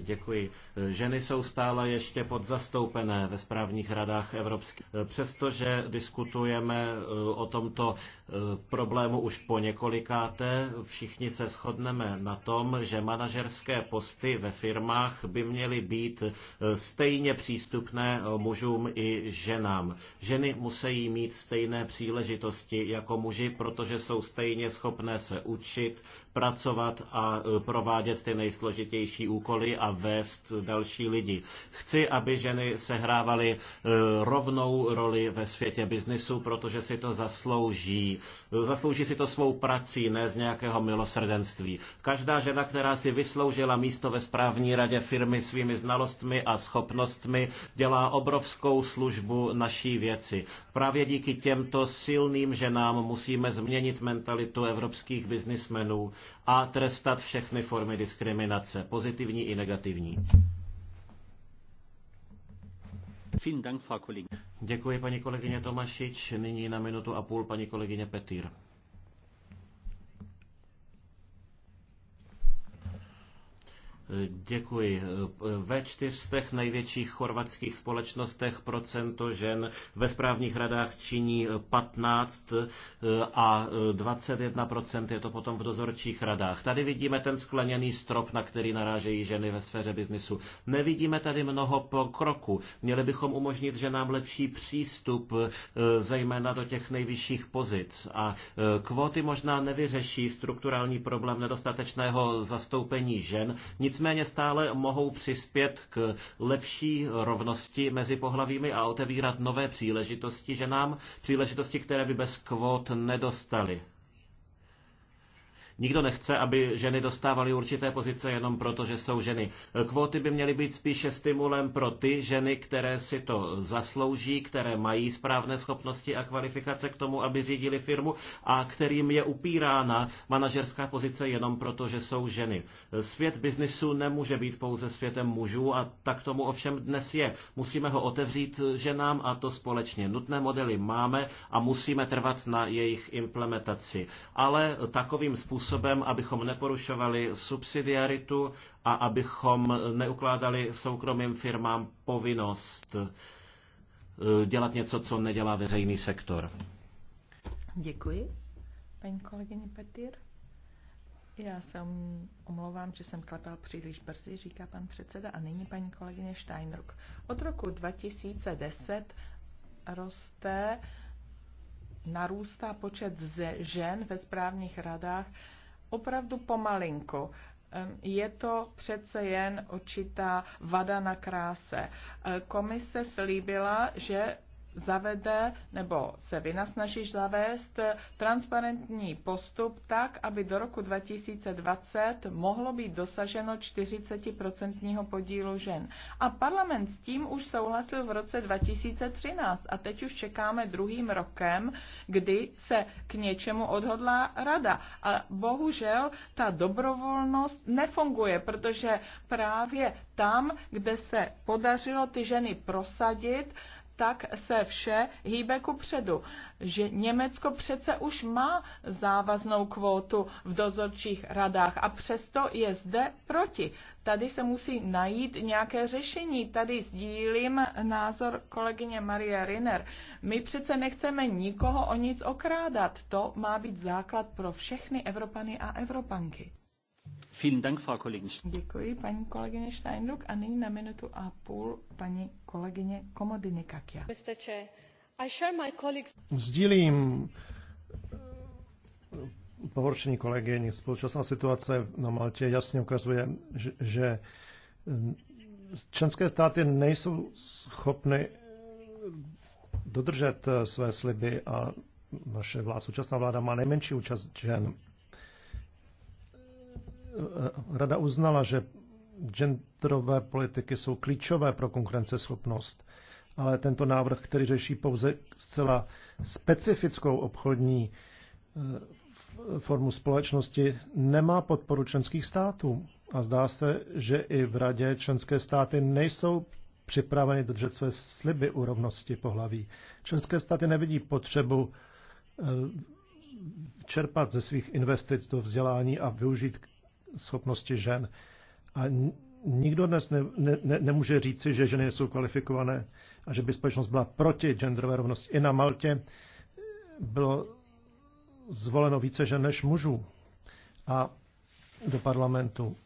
Děkuji. Ženy jsou stále ještě podzastoupené ve správních radách evropských. Přestože diskutujeme eh, o tomto eh, problému už po několikáté, všichni se shodneme na tom, že manažerské posty ve firmách by měly být eh, stejně přístupné mužům i ženám. Ženy musí mít stejné příležitosti jako muži, protože jsou stejně schopné se učit, pracovat a e, provádět ty nejsložitější úkoly a vést další lidi. Chci, aby ženy sehrávaly e, rovnou roli ve světě biznisu, protože si to zaslouží. E, zaslouží si to svou prací, ne z nějakého milosrdenství. Každá žena, která si vysloužila místo ve správní radě firmy svými znalostmi a schopnostmi, dělá obrovskou službu naší věci. Právě díky těmto silným ženám musíme změnit mentalitu evropských biznismenů a trestat všechny formy diskriminace, pozitivní i negativní. Děkuji paní kolegyně Tomašič. Nyní na minutu a půl paní kolegyně Petýr. Děkuji. Ve čtyřstech největších chorvatských společnostech procento žen ve správních radách činí 15 a 21% je to potom v dozorčích radách. Tady vidíme ten skleněný strop, na který narážejí ženy ve sféře biznisu. Nevidíme tady mnoho pokroku. Měli bychom umožnit ženám lepší přístup, eh, zejména do těch nejvyšších pozic. A eh, kvóty možná nevyřeší strukturální problém nedostatečného zastoupení žen, nic nicméně stále mohou přispět k lepší rovnosti mezi pohlavími a otevírat nové příležitosti ženám, příležitosti, které by bez kvót nedostali. Nikdo nechce, aby ženy dostávaly určité pozice jenom proto, že jsou ženy. Kvóty by měly být spíše stimulem pro ty ženy, které si to zaslouží, které mají správné schopnosti a kvalifikace k tomu, aby řídili firmu a kterým je upírána manažerská pozice jenom proto, že jsou ženy. Svět biznisu nemůže být pouze světem mužů a tak tomu ovšem dnes je. Musíme ho otevřít ženám a to společně. Nutné modely máme a musíme trvat na jejich implementaci. Ale takovým způsobem způsobem, abychom neporušovali subsidiaritu a abychom neukládali soukromým firmám povinnost eh, dělat něco, co nedělá veřejný sektor. Děkuji, paní kolegyně Petýr. Já se omlouvám, že jsem klepal příliš brzy, říká pan předseda a nyní paní kolegyně Steinruck. Od roku 2010 roste narůstá počet žen ve správních radách opravdu pomalinku. Je to přece jen určitá vada na kráse. Komise slíbila, že zavede nebo se vynasnažíš zavést transparentní postup tak, aby do roku 2020 mohlo být dosaženo 40% podílu žen. A parlament s tím už souhlasil v roce 2013 a teď už čekáme druhým rokem, kdy se k něčemu odhodlá rada. A bohužel ta dobrovolnost nefunguje, protože právě tam, kde se podařilo ty ženy prosadit, tak se vše hýbe ku předu. Že Německo přece už má závaznou kvótu v dozorčích radách a přesto je zde proti. Tady se musí najít nějaké řešení. Tady sdílím názor kolegyně Marie Riner. My přece nechceme nikoho o nic okrádat. To má být základ pro všechny Evropany a Evropanky. Děkuji, paní kolegyně Steinruck. A nyní na minutu a půl paní kolegyně Komodiny Kakia. Sdílím eh, pohoršení kolegyně. Současná situace na Maltě jasně ukazuje, že eh, členské státy nejsou schopny eh, dodržet své sliby a naše vláda, současná vláda má nejmenší účast žen Eh, rada uznala, že genderové politiky jsou klíčové pro konkurenceschopnost, ale tento návrh, který řeší pouze zcela specifickou obchodní eh, formu společnosti, nemá podporu členských států. A zdá se, že i v Radě členské státy nejsou připraveny dodržet své sliby u rovnosti pohlaví. Členské státy nevidí potřebu eh, čerpat ze svých investic do vzdělání a využít schopnosti žen. A nikdo dnes ne, ne, ne, nemůže říci, že ženy jsou kvalifikované a že by společnost byla proti genderové rovnosti. I na Maltě bylo zvoleno více žen než mužů a do parlamentu.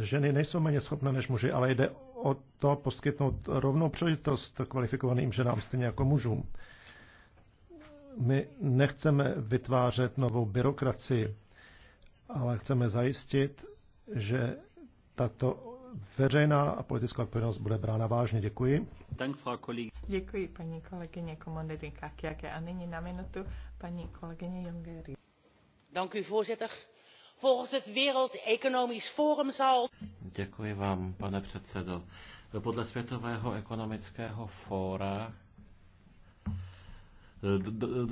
Ženy nejsou méně schopné než muži, ale jde o to poskytnout rovnou příležitost kvalifikovaným ženám, stejně jako mužům. My nechceme vytvářet novou byrokracii, ale chceme zajistit, že tato veřejná a politická odpovědnost bude brána vážně. Děkuji. Děkuji paní kolegyně Komandity Kakiake a nyní na minutu paní kolegyně Jongeri. Dank u voorzitter. Volgens het Wereld Economisch Forum zal... Děkuji vám, pane předsedo. Podle Světového ekonomického fóra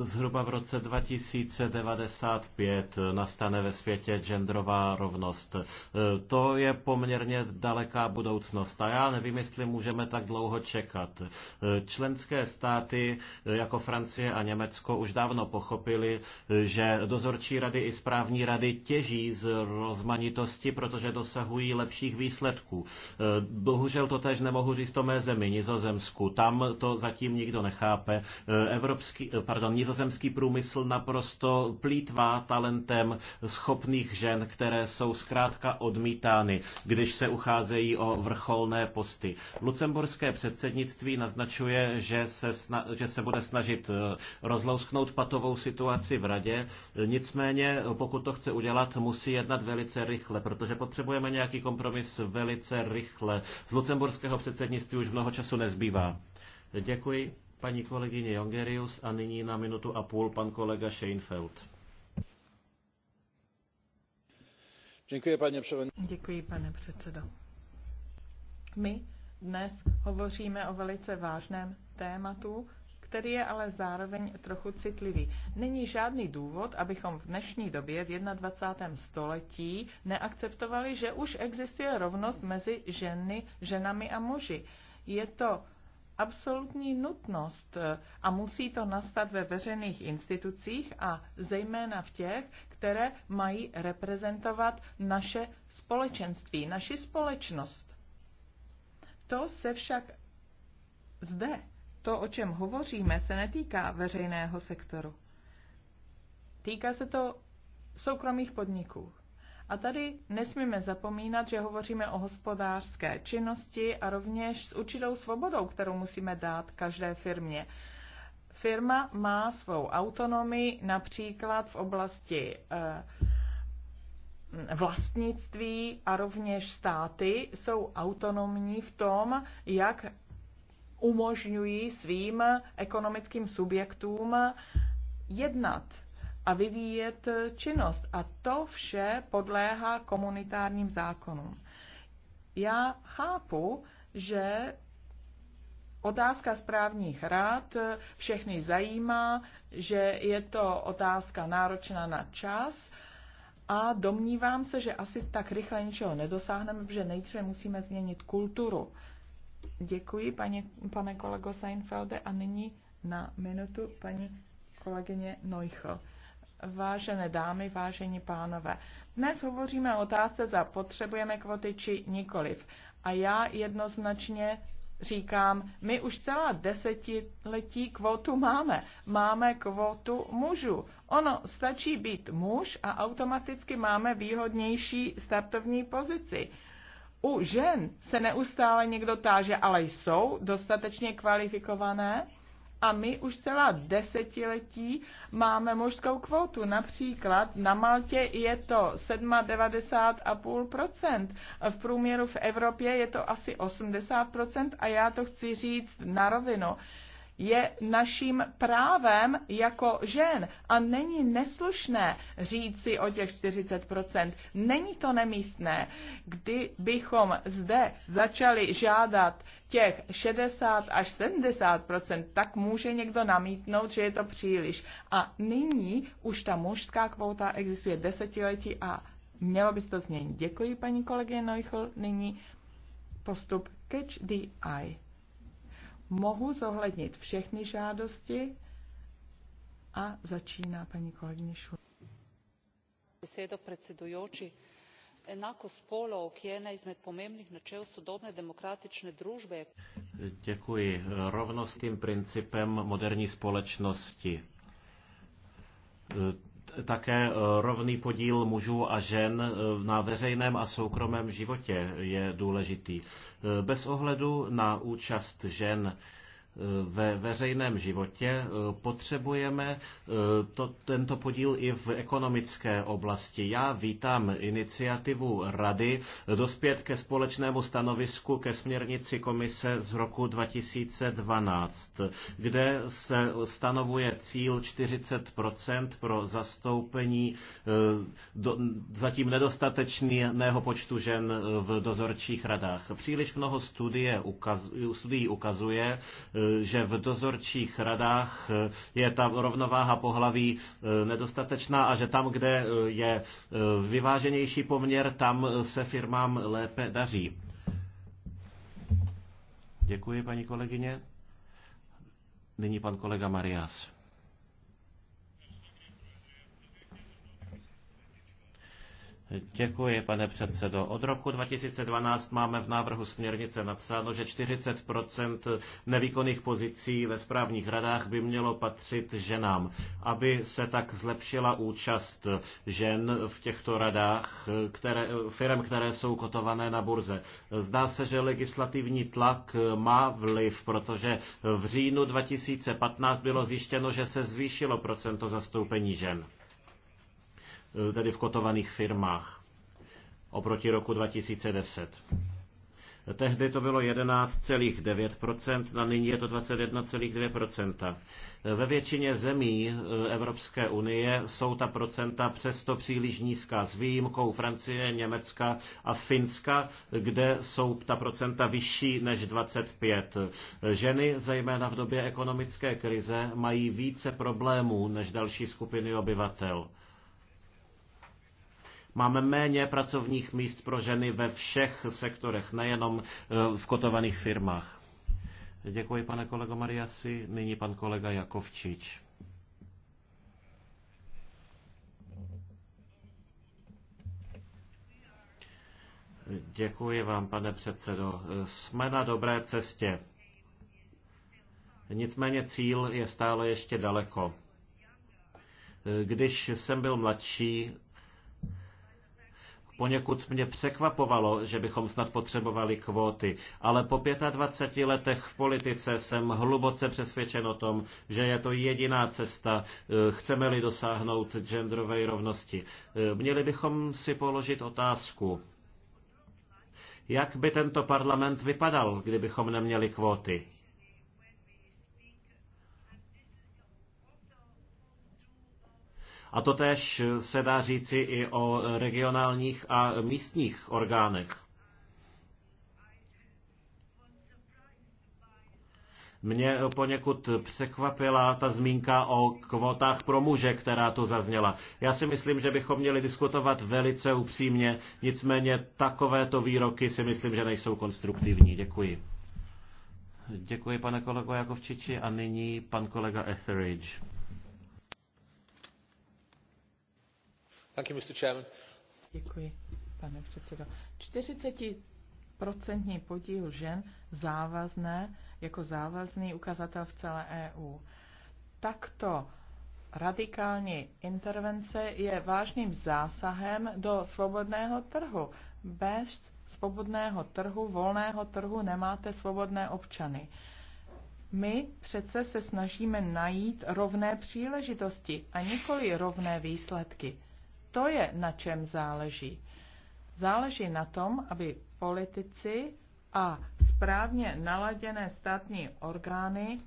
Zhruba v roce 2095 nastane ve světě genderová rovnost. E, to je poměrně daleká budoucnost a já nevím, jestli můžeme tak dlouho čekat. E, členské státy e, jako Francie a Německo už dávno pochopili, že dozorčí rady i správní rady těží z rozmanitosti, protože dosahují lepších výsledků. Bohužel to tež nemohu říct o mé zemi, Nizozemsku. Tam to zatím nikdo nechápe. Evropský německý, eh, pardon, nizozemský průmysl naprosto plítvá talentem schopných žen, které jsou zkrátka odmítány, když se ucházejí o vrcholné posty. Lucemburské předsednictví naznačuje, že se, sna- že se bude snažit eh, rozlousknout patovou situaci v radě, nicméně pokud to chce udělat, musí jednat velice rychle, protože potřebujeme nějaký kompromis velice rychle. Z lucemburského předsednictví už mnoho času nezbývá. Děkuji paní kolegyně Jongerius a nyní na minutu a půl pan kolega Scheinfeld. Děkuji, paní Děkuji, pane předsedo. My dnes hovoříme o velice vážném tématu, který je ale zároveň trochu citlivý. Není žádný důvod, abychom v dnešní době v 21. století neakceptovali, že už existuje rovnost mezi ženy, ženami a muži. Je to absolutní nutnost eh, a musí to nastat ve veřejných institucích a zejména v těch, které mají reprezentovat naše společenství, naši společnost. To se však zde, to, o čem hovoříme, se netýká veřejného sektoru. Týká se to soukromých podniků. A tady nesmíme zapomínat, že hovoříme o hospodářské činnosti a rovněž s určitou svobodou, kterou musíme dát každé firmě. Firma má svou autonomii například v oblasti eh, vlastnictví a rovněž státy jsou autonomní v tom, jak umožňují svým ekonomickým subjektům jednat a vyvíjet činnost. A to vše podléhá komunitárním zákonům. Já chápu, že Otázka správních rád všechny zajímá, že je to otázka náročná na čas a domnívám se, že asi tak rychle ničeho nedosáhneme, protože nejdříve musíme změnit kulturu. Děkuji, paní, pane kolego Seinfelde, a nyní na minutu paní kolegyně Neuchel. Vážené dámy, vážení pánové, dnes hovoříme o otázce, za potřebujeme kvoty či nikoliv. A já jednoznačně říkám, my už celá desetiletí kvotu máme. Máme kvotu mužů. Ono stačí být muž a automaticky máme výhodnější startovní pozici. U žen se neustále někdo táže, ale jsou dostatečně kvalifikované a my už celá desetiletí máme mužskou kvotu. Například na Maltě je to 97,5%. V průměru v Evropě je to asi 80% a já to chci říct na rovinu je naším právem jako žen a není neslušné říci o těch 40%. Není to nemístné. Kdybychom zde začali žádat těch 60 až 70 tak může někdo namítnout, že je to příliš. A nyní už ta mužská kvota existuje desetiletí a mělo by se to změnit. Děkuji, paní kolegyně Neuchl. Nyní postup Catch the Eye mohu zohlednit všechny žádosti a začíná paní kolegyně Šul. Besedo predsedujoči. Enakost spolov, ki je ena izmed pomembnih načel sodobne demokratične družbe. Děkuji. Rovnost tím principem moderní společnosti také eh, rovný podíl mužů a žen eh, na veřejném a soukromém životě je důležitý. Eh, bez ohledu na účast žen Eh, ve veřejném životě, eh, potřebujeme eh, to, tento podíl i v ekonomické oblasti. Já vítám iniciativu Rady dospět ke společnému stanovisku ke směrnici komise z roku 2012, kde se stanovuje cíl 40 pro zastoupení do, zatím nedostatečného počtu žen v dozorčích radách. Příliš mnoho studie ukaz, studií ukazuje, E, že v dozorčích radách e, je ta rovnováha pohlaví e, nedostatečná a že tam, kde je vyváženější poměr, tam se firmám lépe daří. Děkuji, paní kolegyně. Nyní pan kolega Marias. Děkuji, pane předsedo. Od roku 2012 máme v návrhu směrnice napsáno, že 40 nevýkonných pozicí ve správních radách by mělo patřit ženám, aby se tak zlepšila účast žen v těchto radách které, firm, které jsou kotované na burze. Zdá se, že legislativní tlak má vliv, protože v říjnu 2015 bylo zjištěno, že se zvýšilo procento zastoupení žen. Eh, tedy v kotovaných firmách oproti roku 2010. Tehdy to bylo 11,9%, na nyní je to 21,2%. Ve většině zemí eh, Evropské unie jsou ta procenta přesto příliš nízká, s výjimkou Francie, Německa a Finska, kde jsou ta procenta vyšší než 25. Ženy, zejména v době ekonomické krize, mají více problémů než další skupiny obyvatel. Máme méně pracovních míst pro ženy ve všech sektorech, nejenom e, v kotovaných firmách. Děkuji, pane kolego Mariasi. Nyní pan kolega Jakovčič. Děkuji vám, pane předsedo. Jsme na dobré cestě. Nicméně cíl je stále ještě daleko. Když jsem byl mladší, Poněkud mě překvapovalo, že bychom snad potřebovali kvóty, ale po 25 letech v politice jsem hluboce přesvědčen o tom, že je to jediná cesta, eh, chceme-li dosáhnout genderové rovnosti. Eh, měli bychom si položit otázku, jak by tento parlament vypadal, kdybychom neměli kvóty? A to tež se dá říci i o regionálních a místních orgánech. Mě poněkud překvapila ta zmínka o kvotách pro muže, která tu zazněla. Já si myslím, že bychom měli diskutovat velice upřímně, nicméně takovéto výroky si myslím, že nejsou konstruktivní. Děkuji. Děkuji, pane kolego Jakovčiči, a nyní pan kolega Etheridge. Děkuji, pane předsedo. 40% podíl žen závazné jako závazný ukazatel v celé EU. Takto radikální intervence je vážným zásahem do svobodného trhu. Bez svobodného trhu, volného trhu nemáte svobodné občany. My přece se snažíme najít rovné příležitosti a nikoli rovné výsledky. To je na čem záleží. Záleží na tom, aby politici a správně naladěné státní orgány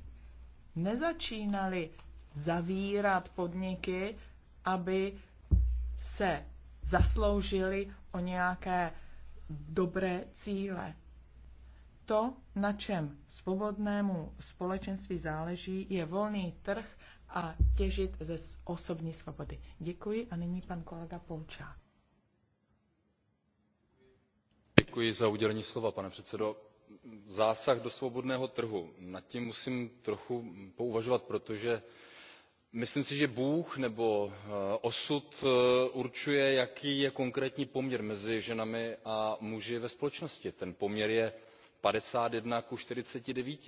nezačínali zavírat podniky, aby se zasloužili o nějaké dobré cíle. To, na čem svobodnému společenství záleží, je volný trh a těžit ze osobní svobody. Děkuji a nyní pan kolega Poučák. Děkuji za udělení slova, pane předsedo. Zásah do svobodného trhu. Nad tím musím trochu pouvažovat, protože myslím si že bůh nebo eh, osud eh, určuje jaký je konkrétní poměr mezi ženami a muži ve společnosti. ten poměr je 51 ku 49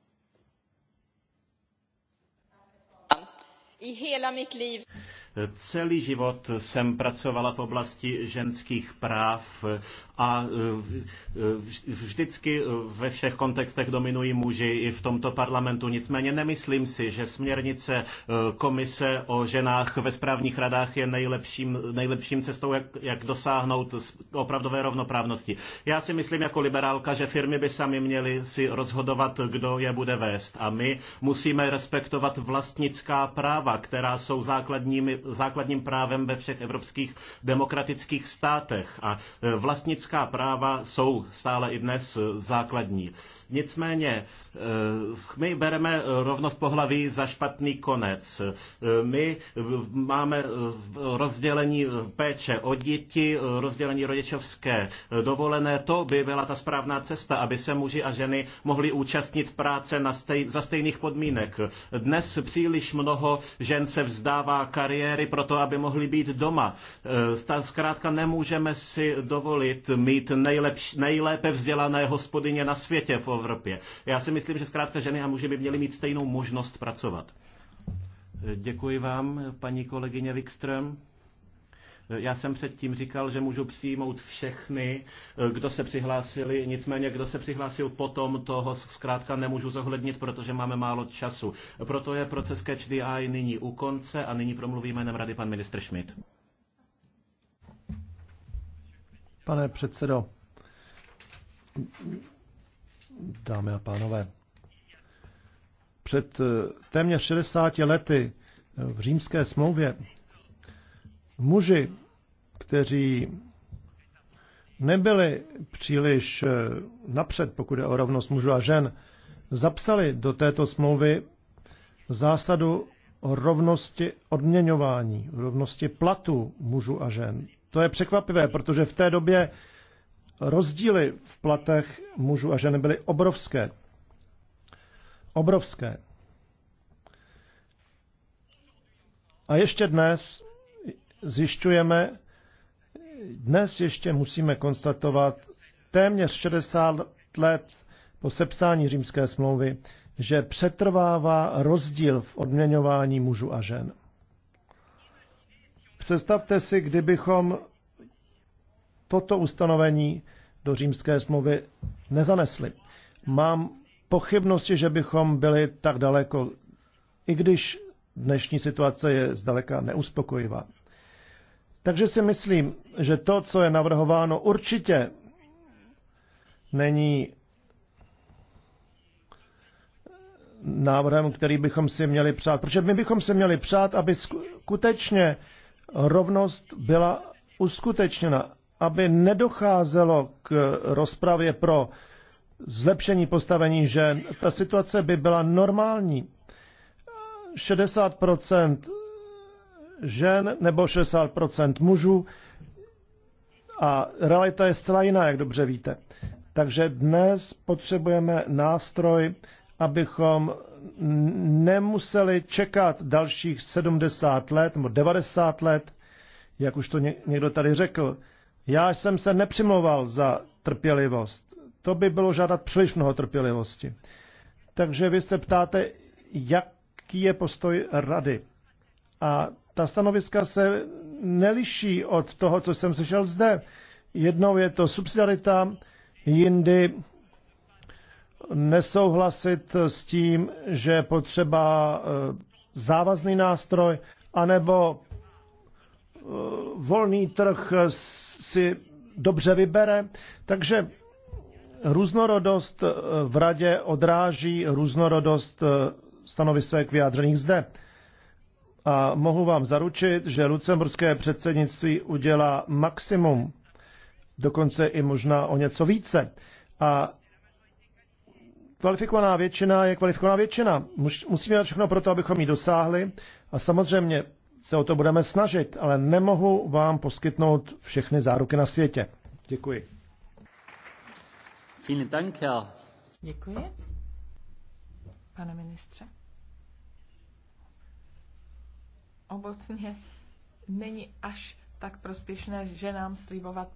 hela mitt liv. Celý život jsem pracovala v oblasti ženských práv a e, e, vždycky ve všech kontextech dominují muži i v tomto parlamentu. Nicméně nemyslím si, že směrnice e, komise o ženách ve správních radách je nejlepším, nejlepším cestou, jak, jak dosáhnout opravdové rovnoprávnosti. Já si myslím jako liberálka, že firmy by sami měly si rozhodovat, kdo je bude vést. A my musíme respektovat vlastnická práva práva, která jsou základním právem ve všech evropských demokratických státech. A e, vlastnická práva jsou stále i dnes základní. Nicméně e, my bereme rovnost pohlaví za špatný konec. E, my máme rozdělení péče o děti, rozdělení rodičovské dovolené. To by byla ta správná cesta, aby se muži a ženy mohli účastnit práce na stej, za stejných podmínek. Dnes příliš mnoho žen se vzdává kariéry proto, aby mohly být doma. E, zkrátka nemůžeme si dovolit mít nejlepš, nejlépe vzdělané hospodyně na světě v Evropě. Já si myslím, že zkrátka ženy a muži by měli mít stejnou možnost pracovat. E, děkuji vám, paní kolegyně Wikström. Já jsem předtím říkal, že můžu přijmout všechny, eh, kdo se přihlásili, nicméně kdo se přihlásil potom, toho zkrátka nemůžu zohlednit, protože máme málo času. Proto je proces Catch the Eye nyní u konce a nyní promluví jménem rady pan ministr Schmidt. Pane předsedo, dámy a pánové, před eh, téměř 60 lety v římské smlouvě muži kteří nebyli příliš eh, napřed, pokud je o rovnost mužů a žen, zapsali do této smlouvy zásadu o rovnosti odměňování, rovnosti platu mužů a žen. To je překvapivé, protože v té době rozdíly v platech mužů a žen byly obrovské. Obrovské. A ještě dnes zjišťujeme, dnes ještě musíme konstatovat téměř 60 let po sepsání římské smlouvy, že přetrvává rozdíl v odměňování mužů a žen. Představte si, kdybychom toto ustanovení do římské smlouvy nezanesli. Mám pochybnosti, že bychom byli tak daleko, i když dnešní situace je zdaleka neuspokojivá. Takže si myslím, že to, co je navrhováno, určitě není návrhem, který bychom si měli přát. Protože my bychom si měli přát, aby skutečně rovnost byla uskutečněna, aby nedocházelo k rozpravě pro zlepšení postavení žen. Ta situace by byla normální. 60 žen nebo 60 mužů. A realita je zcela jiná, jak dobře víte. Takže dnes potřebujeme nástroj, abychom nemuseli čekat dalších 70 let nebo 90 let, jak už to někdo tady řekl. Já jsem se nepřimloval za trpělivost. To by bylo žádat příliš mnoho trpělivosti. Takže vy se ptáte, jaký je postoj rady. A ta stanoviska se neliší od toho, co jsem slyšel zde. Jednou je to subsidiarita, jindy nesouhlasit s tím, že je potřeba eh, závazný nástroj, anebo eh, volný trh si dobře vybere. Takže různorodost eh, v radě odráží různorodost stanovisek vyjádřených zde a mohu vám zaručit, že lucemburské předsednictví udělá maximum, dokonce i možná o něco více. A kvalifikovaná většina je kvalifikovaná většina. Musíme dělat všechno pro to, abychom ji dosáhli a samozřejmě se o to budeme snažit, ale nemohu vám poskytnout všechny záruky na světě. Děkuji. Děkuji. Pane ministře. obecně není až tak prospěšné, že nám slibovat